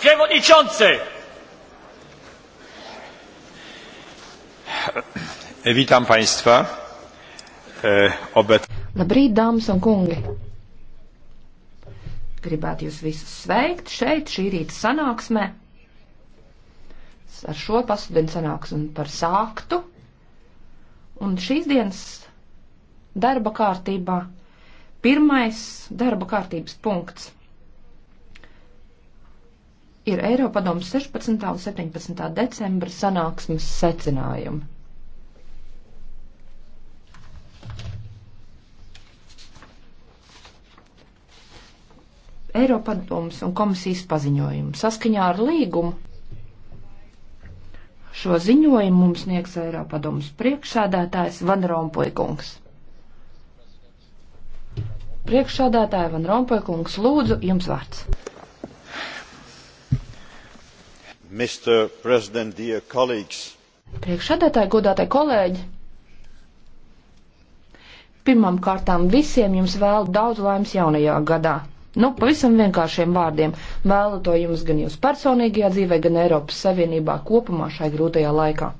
Przewodniczący! Witam Państwa. E, obet... Labrīt, dāmas un kungi! Gribētu jūs visus sveikt šeit, šī rīta sanāksmē. Ar šo pasūdienu sanāksmu par sāktu. Un šīs dienas darba kārtībā pirmais darba kārtības punkts ir Eiropadomas 16. un 17. decembra sanāksmes secinājumi. Eiropadomas un komisijas paziņojumu. Saskaņā ar līgumu šo ziņojumu mums sniegs Eiropadomas priekšsēdētājs Van Rompuikungs. Priekšsādātāja Van Rompuikungs, lūdzu, jums vārds. Priekšsēdētāji, godātāji kolēģi! Pirmām kārtām visiem jums vēlu daudz laimes jaunajā gadā. Nu, pavisam vienkāršiem vārdiem vēlu to jums gan jūs personīgajā dzīvē, gan Eiropas Savienībā kopumā šai grūtajā laikā.